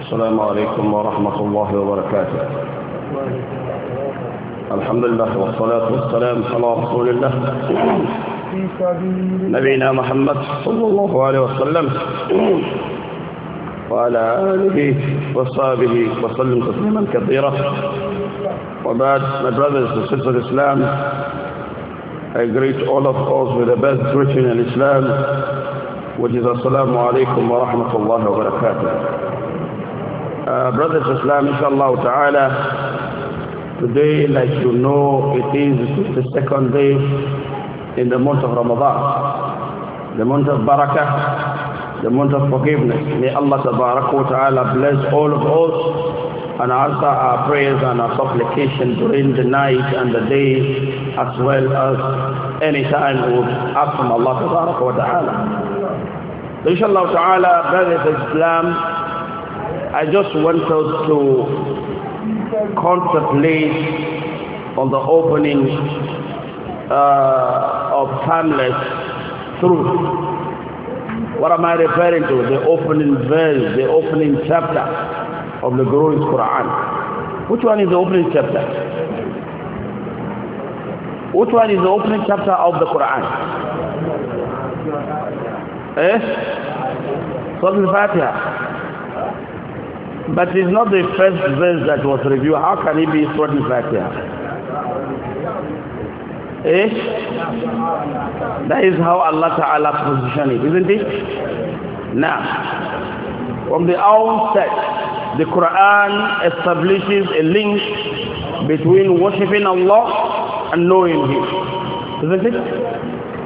السلام عليكم ورحمة الله وبركاته الحمد لله والصلاة والسلام على رسول الله نبينا محمد صلى الله عليه وسلم وعلى آله وصحبه وسلم تسليما كثيرا وبعد my brothers and sisters of Islam I greet all of us with the best greeting in Islam which is Assalamu alaikum wa rahmatullahi wa barakatuh. Uh, brothers Islam, inshallah ta'ala, today, like you know, it is the second day in the month of Ramadan, the month of barakah, the month of forgiveness. May Allah ta'ala bless all of us and answer our prayers and our supplication during the night and the day as well as any time we ask from Allah Ta'ala inshallah ta'ala, brothers Islam, I just want us to contemplate on the opening uh, of timeless truth. What am I referring to? The opening verse, the opening chapter of the growing Quran. Which one is the opening chapter? Which one is the opening chapter of the Quran? Eh? Surah Al-Fatiha. But it's not the first verse that was reviewed. How can it be Surah Al-Fatiha? Eh? That is how Allah Ta'ala positioned it, isn't it? Now, from the outset, the Quran establishes a link between worshipping Allah and knowing Him. Isn't it?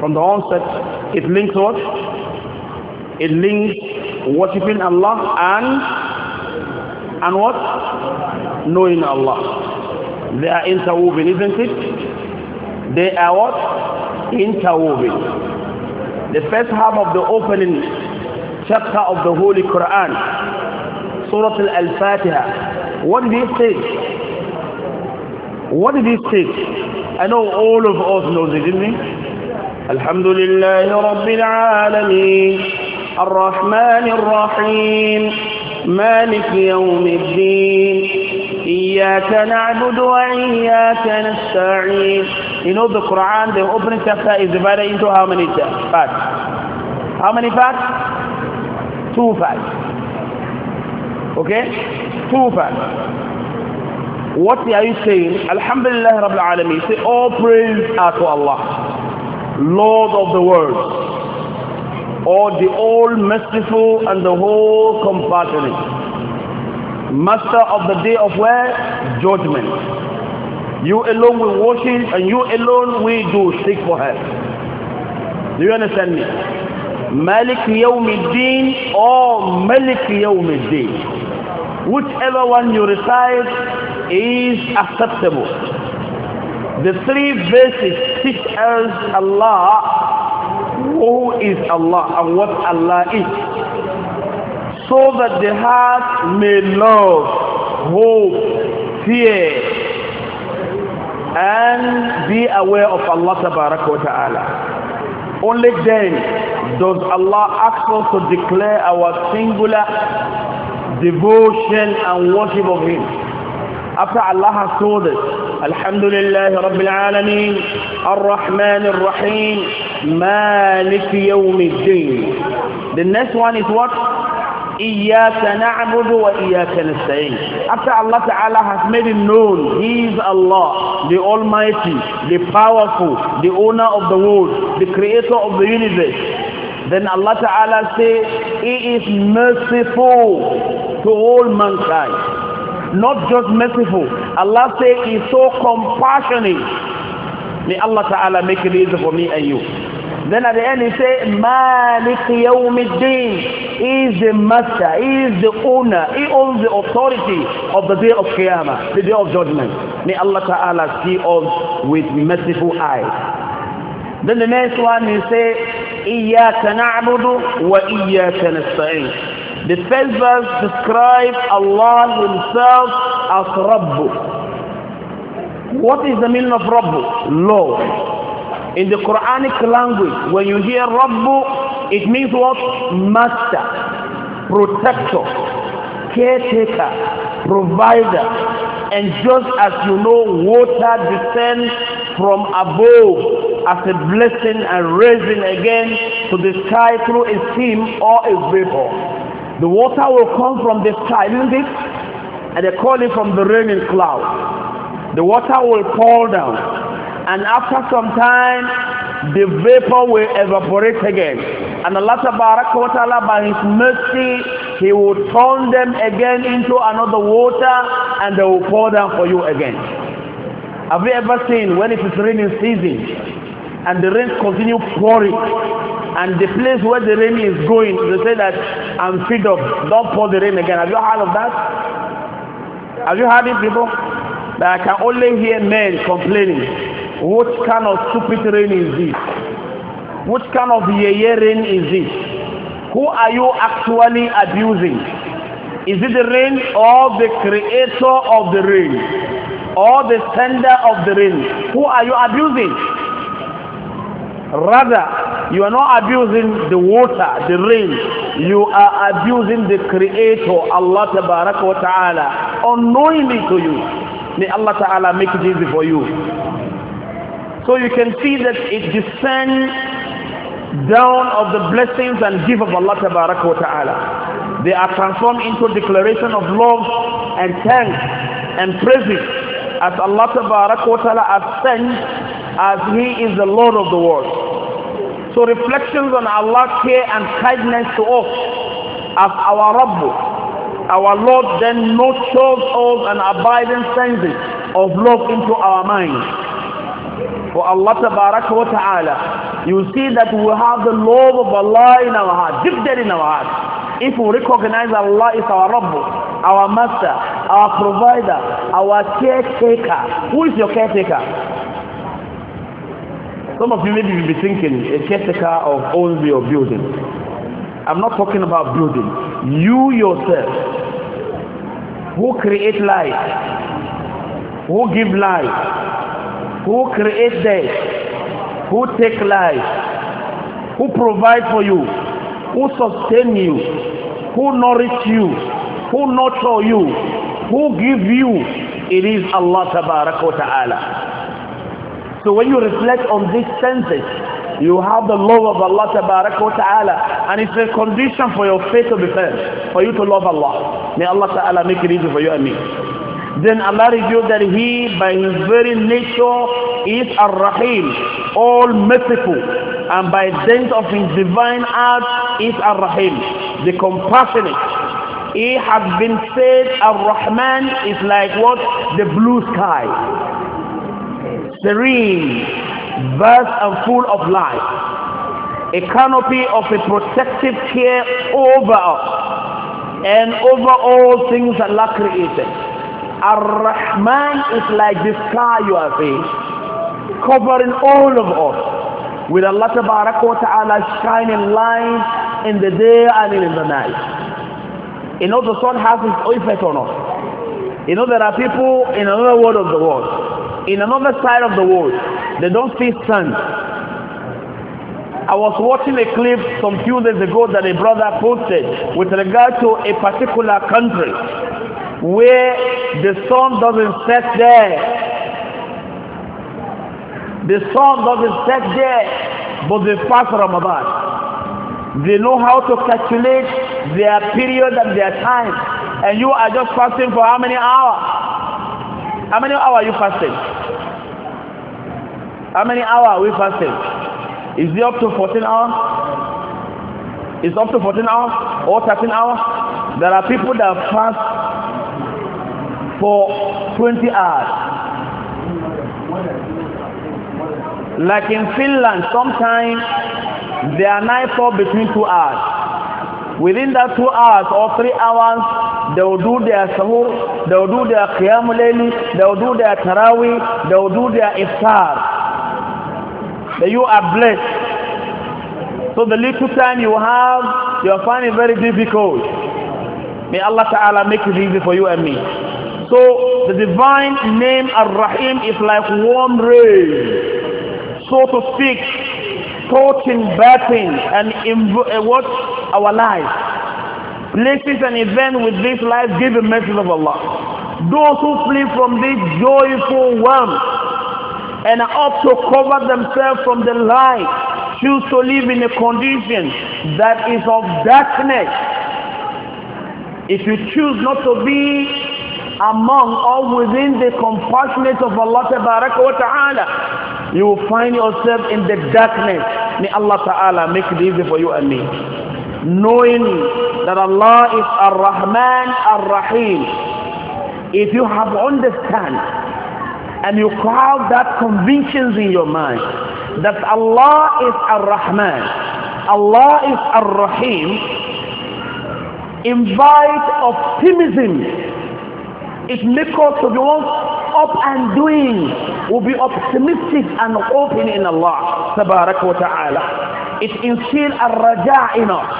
From the onset, it links what? It links worshipping Allah and and what? Knowing Allah. They are interwoven, isn't it? They are what? Interwoven. The first half of the opening chapter of the Holy Quran, Surah Al-Fatiha. What did he say? What did he say? I know all of us knows it, didn't we? الحمد لله رب العالمين الرحمن الرحيم مالك يوم الدين إياك نعبد وإياك نستعين You know the Quran, the opening chapter is divided into how many parts? How many parts? Two parts. Okay? Two parts. What are you saying? Alhamdulillah Rabbil Alameen. Say all praise are to Allah, Lord of the world. or the all merciful and the whole compassionate master of the day of where judgment you alone will worship and you alone we do seek for help do you understand me malik yawmiddin or malik yawmiddin whichever one you recite is acceptable the three verses teach us allah who is Allah and what Allah is, so that the heart may love, hope, fear, and be aware of Allah Ta'ala. Only then does Allah ask us to declare our singular devotion and worship of Him. After Allah has told us, Alhamdulillah Rabbil Alameen, Ar-Rahman Ar-Rahim, مالك يوم الدين the next one is what إياك نعبد وإياك نستعين after Allah Ta'ala has made it known He is Allah the Almighty the powerful the owner of the world the creator of the universe then Allah Ta'ala say He is merciful to all mankind not just merciful Allah say He is so compassionate May Allah Ta'ala make it easy for me and you then at the end he say, Malik Yawmiddin. is the master, he is the owner, he owns the authority of the day of Qiyamah, the day of judgment. May Allah Ta'ala see us with merciful eyes. Then the next one he say, Iyaka na'budu wa iyaka nasta'in. The first verse describes Allah himself as Rabbu. What is the meaning of Rabbu? Lord. In the Quranic language, when you hear Rabbu, it means what? Master, protector, caretaker, provider. And just as you know, water descends from above as a blessing and raising again to the sky through a steam or a vapor. The water will come from the sky, isn't it? And they call it from the raining cloud. The water will fall down and after some time the vapor will evaporate again and Allah Ta'ala by his mercy he will turn them again into another water and they will pour down for you again have you ever seen when it is raining season and the rain continue pouring and the place where the rain is going they say that I'm fed up don't pour the rain again have you heard of that have you heard it people that I can only hear men complaining what kind of stupid rain is this? What kind of yeye rain is this? Who are you actually abusing? Is it the rain or the creator of the rain? Or the sender of the rain? Who are you abusing? Rather, you are not abusing the water, the rain. You are abusing the creator, Allah Ta'ala, unknowingly to you. May Allah Ta'ala make it easy for you. So you can see that it descends down of the blessings and give of Allah wa ta'ala. They are transformed into declaration of love and thanks and praises as Allah wa ta'ala ascends as He is the Lord of the world. So reflections on Allah's care and kindness to us as our Rabbu our Lord then nurtures us an abiding sense of love into our mind. for Allah wa ta'ala, you see that we have the love of Allah in our heart, deep down in our heart. If we recognize Allah is our Rabb, our Master, our Provider, our Caretaker, who is your caretaker? Some of you maybe will be thinking a caretaker of only your building. I'm not talking about building. You yourself, who create life, who give life, who create death, who take life, who provide for you, who sustain you, who nourish you, who nurture you, who give you, it is Allah Ta'ala. So when you reflect on these senses, you have the love of Allah Ta'ala and it's a condition for your faith to be firm, for you to love Allah. May Allah Ta'ala make it easy for you and me. Then Allah revealed that He, by His very nature, is Ar-Rahim, all merciful. And by dint of His divine art is Ar-Rahim, the compassionate. It has been said Ar-Rahman is like what? The blue sky. Serene, vast and full of light. A canopy of a protective care over us and over all things Allah created. Ar-Rahman is like the sky you are seeing, covering all of us with Allah Ta'ala shining light in the day and in the night. You know the sun has its effect on us. You know there are people in another world of the world, in another side of the world, they don't see sun. I was watching a clip some few days ago that a brother posted with regard to a particular country where the sun doesn't set there. The sun doesn't set there, but they fast Ramadan. They know how to calculate their period and their time. And you are just fasting for how many hours? How many hours are you fasting? How many hours are we fasting? Is it up to 14 hours? It's up to 14 hours or 13 hours? There are people that fast for 20 hours. Like in Finland, sometimes their nightfall between two hours. Within that two hours or three hours, they will do their sahur, they will do their qiyam layli, they will do their taraweeh, they will do their iftar. That you are blessed. So the little time you have, you are finding very difficult. May Allah Ta'ala make it easy for you and me. So the divine name Ar-Rahim is like warm rain, so to speak, touching, bathing, and uh, what our life. Places and events with this life giving message of Allah. Those who flee from this joyful worm and are up to cover themselves from the light choose to live in a condition that is of darkness. If you choose not to be among or within the compassionate of Allah Ta'ala, you will find yourself in the darkness. May Allah Ta'ala make it easy for you and me. Knowing that Allah is Ar-Rahman Ar-Rahim. If you have understand and you have that convictions in your mind that Allah is Ar-Rahman, Allah is Ar-Rahim, invite optimism it makes us to be up and doing. We'll be optimistic and open in Allah. Tabarak wa ta'ala. It instills a raja in us.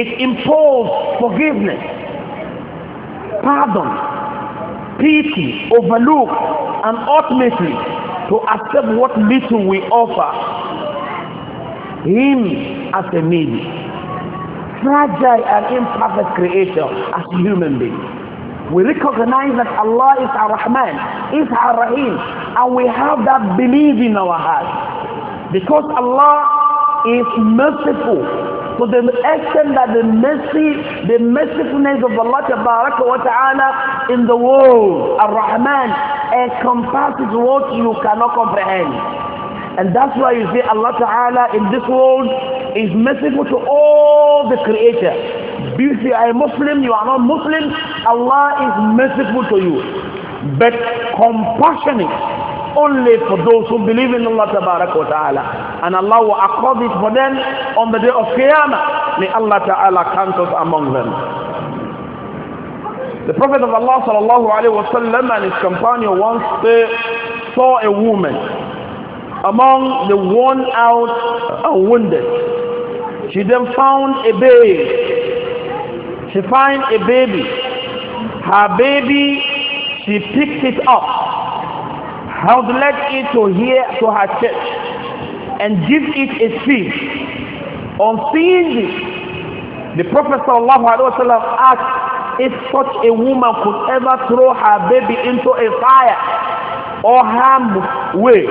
It imposed forgiveness, pardon, pity, overlook, and ultimately to accept what little we offer him as a needy fragile and imperfect creation as human beings. We recognize that Allah is our Rahman, is our Rahim, and we have that belief in our heart. Because Allah is merciful to so the extent that the mercy, the mercifulness of Allah wa ta'ala in the world, Ar-Rahman, encompasses what you cannot comprehend. And that's why you see Allah Ta'ala in this world is merciful to all the creator. If you are a Muslim, you are not Muslim, Allah is merciful to you. But compassionate only for those who believe in Allah Ta'ala. And Allah will accord it for them on the day of Qiyamah. May Allah Ta'ala count us among them. The Prophet of Allah Sallallahu Alaihi Wasallam and his companion once saw a woman among the worn out and wounded. She then found a babe. She found a baby. Her baby, she picked it up, held it to here to her church, and give it a feed. On seeing this, the Prophet wasallam asked if such a woman could ever throw her baby into a fire or harm way.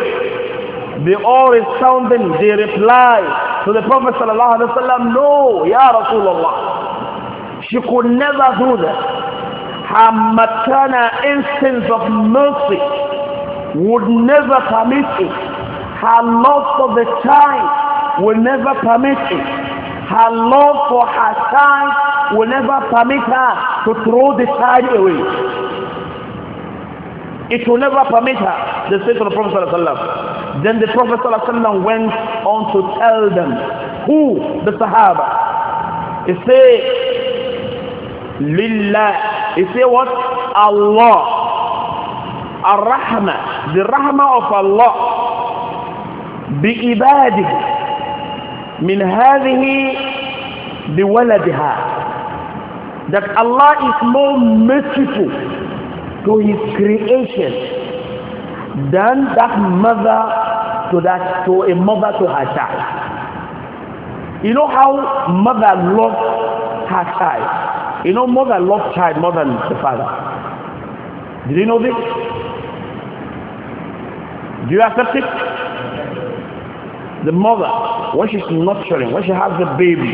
They all resounding, they replied, so the Prophet ﷺ, no, Ya Rasulullah. She could never do that. Her maternal instincts of mercy would never permit it. Her love for the child will never permit it. Her love for her child will never permit her to throw the child away. It will never permit her, the state of the Prophet ﷺ. Then the Prophet ﷺ went on to tell them who the Sahaba. He said, Lillah. He said what? Allah. Ar-Rahma. The Rahma of Allah. Bi-ibadihi. من هذه بولدها that Allah is more merciful to his creation than that mother to that, to a mother to her child. You know how mother loves her child. You know mother loves child more than the father. Did you know this? Do you accept it? The mother, when she's nurturing, when she has the baby,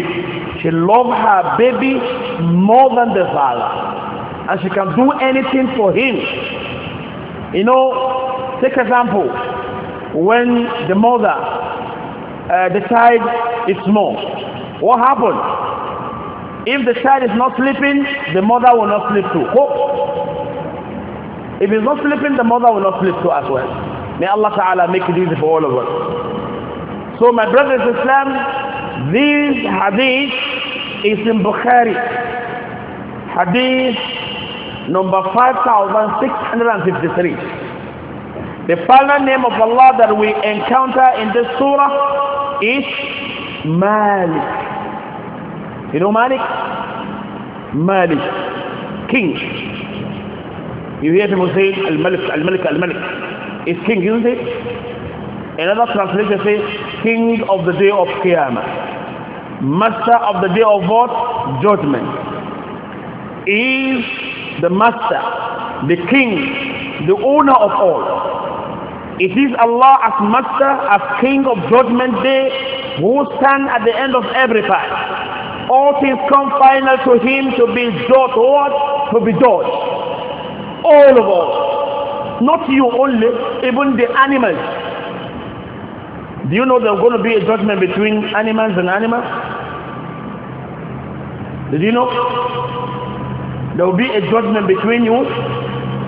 she loves her baby more than the father. And she can do anything for him. You know, take example, when the mother uh, the child is small what happens if the child is not sleeping the mother will not sleep too if he's not sleeping the mother will not sleep too as well may Allah Ta'ala make it easy for all of us so my brothers in Islam this hadith is in Bukhari hadith number 5653 the final name of Allah that we encounter in this surah is Malik. You know Malik? Malik. King. You hear people saying Al-Malik, Al-Malik, Al-Malik. It's king, isn't it? Another translation says King of the day of Qiyamah. Master of the day of what? Judgment. He is the master, the king, the owner of all. It is Allah as Master, as King of Judgment Day, who will stand at the end of every time. All things come final to Him to be judged. What? To be judged. All of us. Not you only, even the animals. Do you know there's going to be a judgment between animals and animals? Did you know? There will be a judgment between you,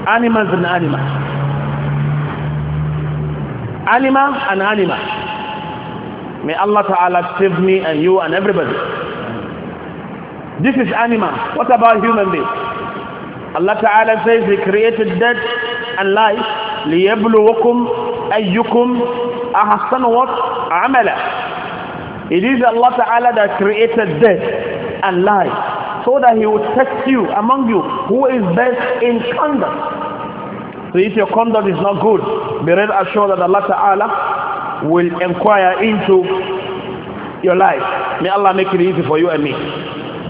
animals and animals animal and animal may Allah Ta'ala save me and you and everybody this is animal what about human beings? Allah Ta'ala says he created death and life لِيَبْلُوَكُمْ أَيُّكُمْ أَحَسَنُ what? عَمَلًا it is Allah Ta'ala that created death and life so that he would test you among you who is best in conduct so if your conduct is not good, be rest assured that Allah Ta'ala will inquire into your life. May Allah make it easy for you and me.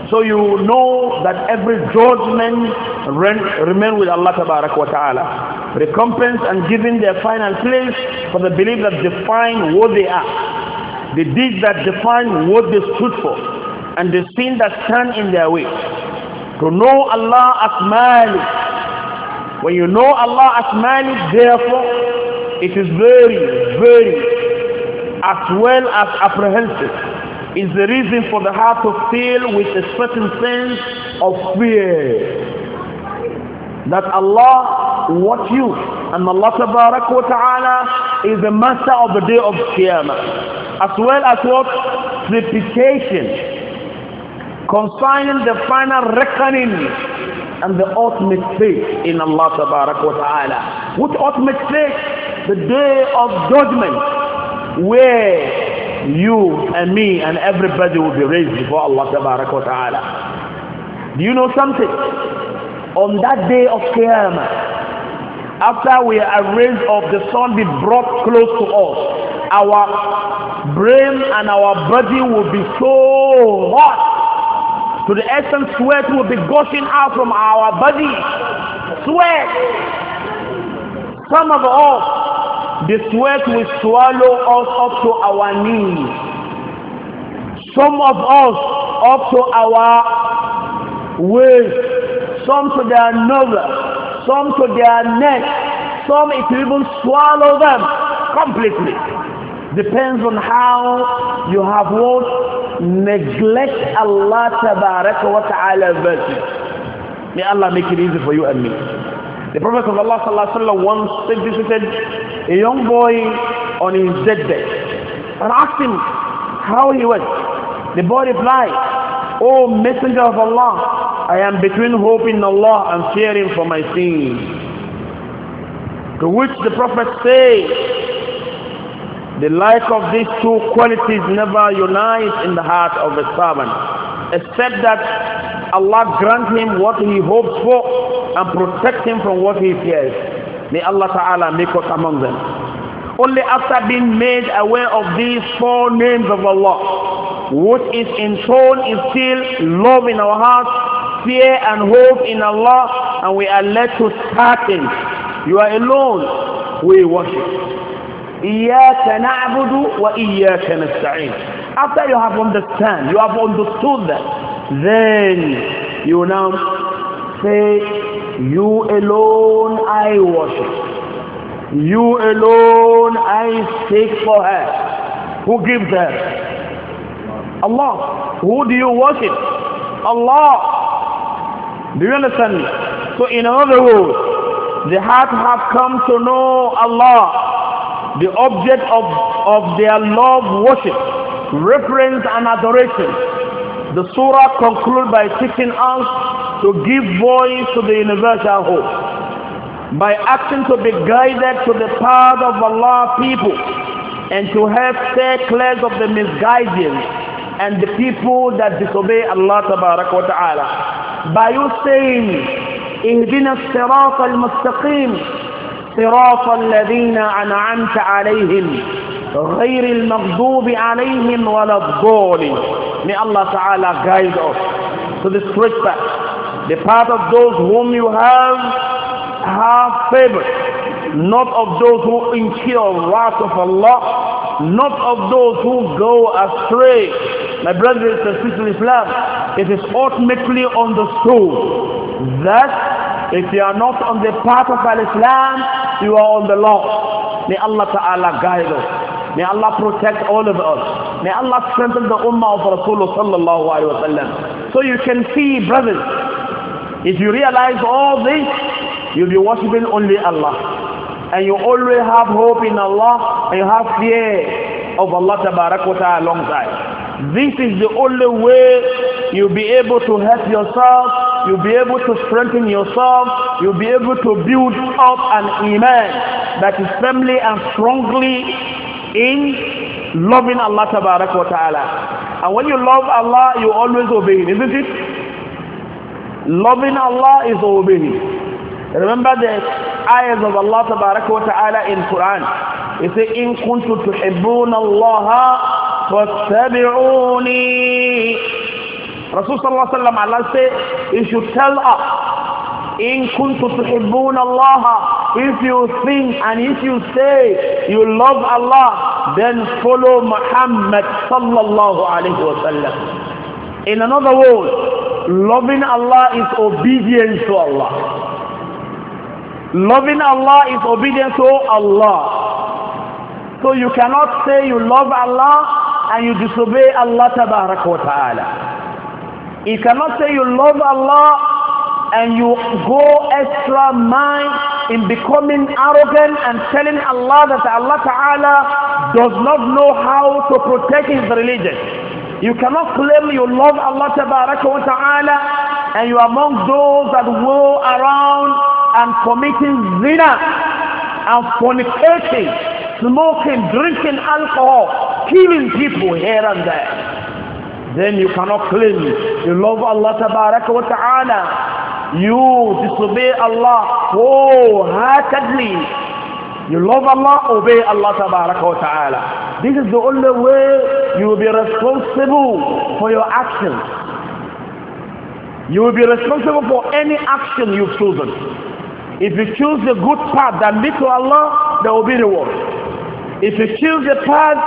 So you know that every judgment remain with Allah Ta'ala. Recompense and giving their final place for the belief that define what they are. The deeds that define what they stood for. And the sin that stand in their way. To know Allah as Malik when you know Allah as Malik, therefore, it is very, very, as well as apprehensive, is the reason for the heart to fill with a certain sense of fear. That Allah what you and Allah wa ta'ala is the master of the day of Qiyamah. As well as what? Supplication concerning the final reckoning and the ultimate faith in Allah Subhanahu wa ta'ala. With ultimate faith? The day of judgment where you and me and everybody will be raised before Allah Subhanahu wa ta'ala. Do you know something? On that day of Qiyamah, after we are raised of the sun be brought close to us. Our brain and our body will be so hot to the essence sweat will be gushing out from our body. Sweat. Some of us, the sweat will swallow us up to our knees. Some of us up to our waist. Some to their nose. Some to their neck. Some it will even swallow them completely. Depends on how you have walked neglect Allah tabaraka wa ta'ala verses. May Allah make it easy for you and me. The Prophet of Allah sallallahu alaihi wasallam once visited a young boy on his deathbed and asked him how he was. The boy replied, O Messenger of Allah, I am between hoping Allah and fearing for my sins. To which the Prophet said, the like of these two qualities never unites in the heart of a servant, except that Allah grant him what he hopes for and protect him from what he fears. May Allah Ta'ala make us among them. Only after being made aware of these four names of Allah, which is in soul is still love in our hearts, fear and hope in Allah, and we are led to certain. You are alone, we worship. إياك wa وإياك نستعين after you have understand you have understood that then you now say you alone I worship you alone I seek for her who gives her Allah who do you worship Allah do you understand me so in other words the heart have come to know Allah the object of, of their love worship, reverence and adoration. The surah concludes by teaching us to give voice to the universal hope. By asking to be guided to the path of Allah people and to help stay clear of the misguidance and the people that disobey Allah Ta'ala. By you saying, اهدنا الصراط المستقيم صراط الذين أنعمت عليهم غير المغضوب عليهم ولا الضالين May Allah Ta'ala guide us to the straight path, the path of those whom you have have favored, not of those who incur wrath of Allah, not of those who go astray. My brothers and sisters Islam, it is ultimately understood that if you are not on the path of Al-Islam, you are on the Lord. May Allah Ta'ala guide us. May Allah protect all of us. May Allah strengthen the Ummah of Rasulullah Sallallahu Alaihi Wasallam. So you can see, brothers, if you realize all this, you'll be worshipping only Allah. And you always have hope in Allah and you have fear of Allah Ta'ala alongside. This is the only way you'll be able to help yourself you'll be able to strengthen yourself, you'll be able to build up an iman that is firmly and strongly in loving Allah tabarak wa ta'ala. And when you love Allah, you always obey Him, isn't it? Loving Allah is obeying. Remember the ayahs of Allah tabarak wa ta'ala in Quran. It says, إِن كُنْتُ تُحِبُّونَ اللَّهَ فَاتَّبِعُونِي Rasulullah sallallahu Wasallam said, you should tell us, in kuntu tuhibbun Allah, if you think and if you say you love Allah, then follow Muhammad sallallahu Alaihi wasallam. In another word, loving Allah is obedience to Allah. Loving Allah is obedience to Allah. So you cannot say you love Allah and you disobey Allah ta'ala. You cannot say you love Allah and you go extra mile in becoming arrogant and telling Allah that Allah Ta'ala does not know how to protect his religion. You cannot claim you love Allah Ta'ala and you are among those that go around and committing zina and fornicating, smoking, drinking alcohol, killing people here and there then you cannot claim you love Allah tabaraka wa ta'ala you disobey Allah wholeheartedly you love Allah obey Allah tabaraka wa ta'ala this is the only way you will be responsible for your actions you will be responsible for any action you've chosen if you choose the good path that leads to Allah there will be reward if you choose the path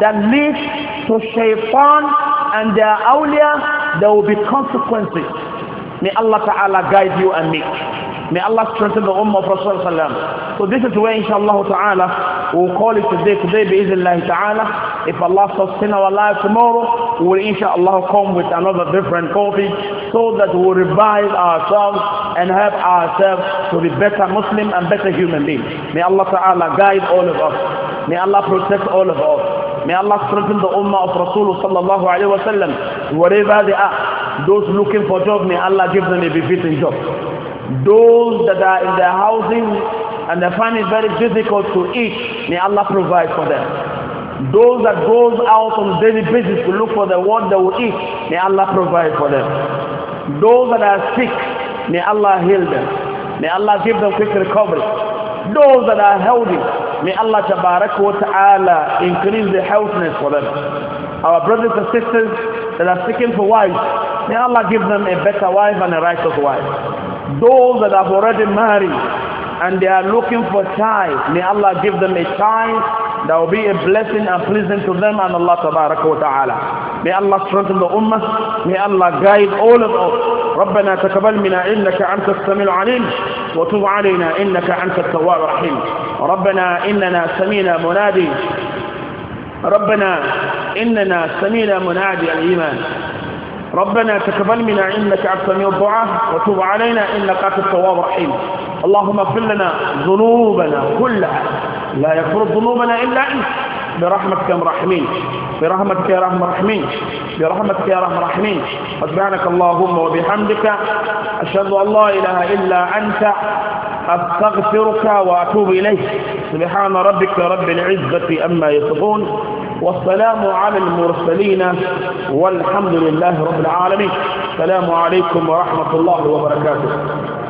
that leads to shaitan and their awliya, there will be consequences. May Allah Ta'ala guide you and me. May Allah strengthen the Ummah of Rasulullah So this is where inshallah ta'ala we'll call it today. Today Allah ta'ala. If Allah sustain our life tomorrow, we will inshaAllah come with another different topic so that we will revive ourselves and help ourselves to be better Muslim and better human beings. May Allah ta'ala guide all of us. May Allah protect all of us. May Allah strengthen the ummah of Rasulullah sallallahu alayhi wa sallam. Wherever they are, those looking for job, may Allah give them a befitting job. Those that are in their housing and they find it very difficult to eat, may Allah provide for them. Those that goes out on daily basis to look for the what they will eat, may Allah provide for them. Those that are sick, may Allah heal them. May Allah give them quick recovery. Those that are healthy, May Allah wa ta'ala increase the healthiness for them. Our brothers and sisters that are seeking for wives, may Allah give them a better wife and a righteous wife. Those that have already married and they are looking for a child, may Allah give them a child that will be a blessing and pleasing to them and Allah wa ta'ala. May Allah strengthen the ummah. May Allah guide all of us. ربنا تقبل منا إنك أنت السميع العليم وتب علينا إنك أنت التواب الرحيم ربنا إننا سمينا منادي ربنا إننا سمينا منادي الإيمان ربنا تقبل منا إنك أنت سميع الدعاء وتب علينا إنك أنت التواب الرحيم اللهم اغفر لنا ذنوبنا كلها لا يغفر ذنوبنا إلا أنت برحمتك يا رحمين برحمتك يا رحم رحمين برحمتك يا رحم رحمين سبحانك اللهم وبحمدك أشهد أن لا إله إلا أنت أستغفرك وأتوب إليك سبحان ربك رب العزة أما يصفون والسلام على المرسلين والحمد لله رب العالمين السلام عليكم ورحمة الله وبركاته